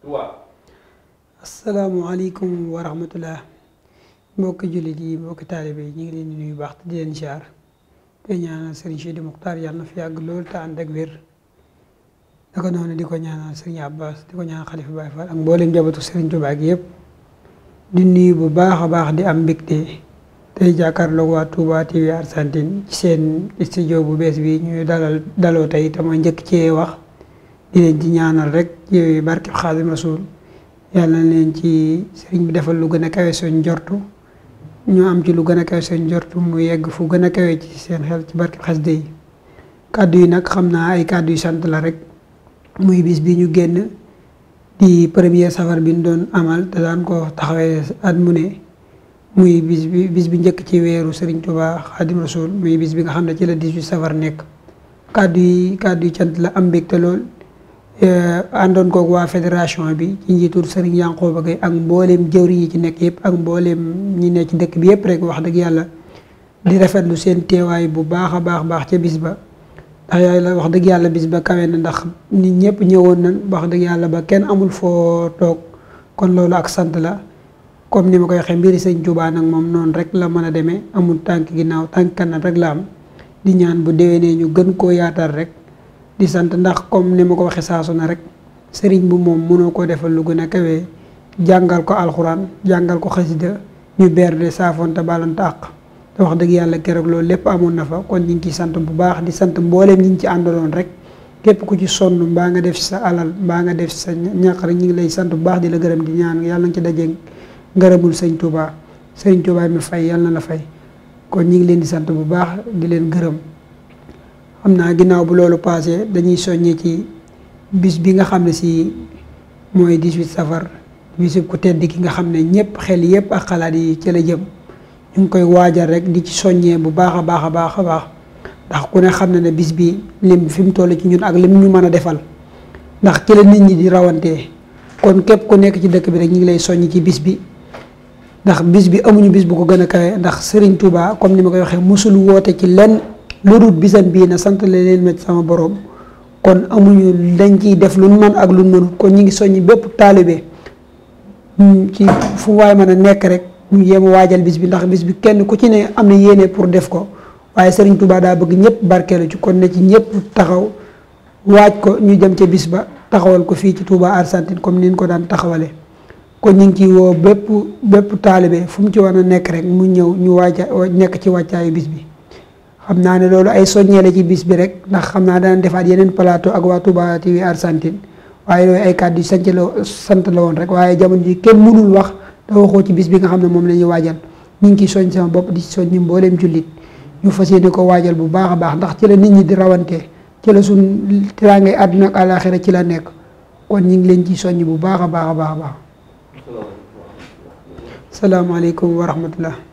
Touba. asalaamualeykum wa rahmatullah mbokki jullit yi mbokki taalibe yi ñu ngi leen di nuyu baax te di leen te ñaanal sëriñ Sidi Muxtaar yàlla na fi yàgg lool te ànd ak wér. naka noonu di ko ñaanal sëriñ Abbas di ko ñaanal xalifa Baay Faal ak mboolem jabatu sëriñ Tuubaa gi yëpp. di nuyu bu baax a baax di am mbégte tey jàkkaarloog waa Touba TV Argentine ci seen studio bu bees bi ñuy dalal daloo tey te njëkk cee wax. di leen ci ñaanal rek ci barkeb xaadim rasul yàlla na leen ci sëriñ bi defal lu gën a kawe seen jortu ñu am ci lu gën a kawe seen jortu mu yegg fu gën a kawe ci seen xel ci barkeb xasida yi kàddu yi nag xam naa ay kàddu yu sant la rek muy bis bi ñu génn premier safar bi ñu doon amal te ko taxawee at mu ne muy bis bi bis bi njëkk ci weeru Serigne Touba Xaadim Rasul muy bis bi nga xam ne ci la 18 safar nekk kàddu yi kàddu yi cant la am mbégte lool Eh, àndoon koog waa fédération bi ci njiitul Serigne Yankhoba Gaye ak mbooleem jëwriñ yi ci nekk yëpp ak mbooleem ñi ne ci dëkk bi yëpp rek wax dëgg yàlla di rafetlu seen teewaay bu baax a baax baax ca bis ba ndax yooyu la wax dëgg yàlla bis ba kawe na ndax nit ñëpp ñëwoon nañ wax dëgg yàlla ba kenn amul foo toog kon loolu ak sant la comme ni ma koy waxee mbiri sëñ Tuubaa nag moom noonu rek la mën a demee amul tànk ginnaaw tànk kanam rek la am di ñaan bu déwénee ñu gën koo yaatal rek di sant ndax comme ni ma ko waxee saasu na rek sëriñ bu moom mënoo koo defal lu gën a kawe jàngal ko alxuraan jàngal ko xasida ñu berde saafonte balante àq te wax dëgg yàlla keroog loolu lépp amoon na fa kon ñu ngi sant bu baax di sant mbooleem ñi ngi ci àndaloon rek képp ku ci sonn mbaa nga def sa alal mbaa nga def si sa ñu ngi lay sant bu baax di la gërëm di ñaan yàlla nga ci dajee ngërëmul sëñ Touba sëriñ Touba mi fay yàlla na la fay kon ñu leen di sant bu baax di leen gërëm. xam naa ginnaaw bu loolu paasee dañuy soññee ci bis bi nga xam ne si mooy huit safar bisub ku tedd ki nga xam ne ñëpp xel yëpp ak xalaat yi ci la jëm ñu ngi koy waajal rek di ci soññee bu baax a baax a baax a baax ndax ku ne xam na ne bis bi lim fi mu toll ci ñun ak lim ñu mën a defal ndax ci la nit ñi di rawantee kon képp ku nekk ci dëkk bi rek ñu ngi lay soññ ci bis bi ndax bis bi amuñu bis bu ko gën a kawe ndax Serigne Touba comme ni ma koy waxee mosul woote ci lenn lu dul bisam bii na sant la leen ma sama borom kon amuñu dañ ciy def lu mën ak lu mënul kon ñu ngi soññi bépp taalibe ci fu waay mën nekk rek mu yéem waajal bis bi ndax bis bi kenn ku ci ne am na yéene pour def ko waaye Serigne Touba daa bëgg ñëpp barkeelu ci kon ne ci ñëpp taxaw waaj ko ñu jëm ca bis ba taxawal ko fii ci Touba Argentine comme ni ko daan taxawalee. kon ñu ngi ciy woo bépp bépp taalibe fu mu ci war a nekk rek mu ñëw ñu waaja nekk ci wàccaayu bis bi. xam naa ne loolu ay la ci bis bi rek ndax xam naa daan defaat yeneen plateau ak waa Touba TV Argentine waaye yooyu ay kàddu yu sant la sant la woon rek waaye jamono ji kenn mënul wax te waxoo ci bis bi nga xam ne moom la ñuy waajal ñu ngi ciy soñ sama bopp di soñ ñu mbooleem jullit ñu fas yéene ko waajal bu baax a baax ndax ci la nit ñi di rawante ci la suñ tiraangay àdduna ak àlaaxira ci la nekk kon ñu ngi leen ci soññ bu baax a baax a baax a baax. salaamaaleykum wa rahmatullah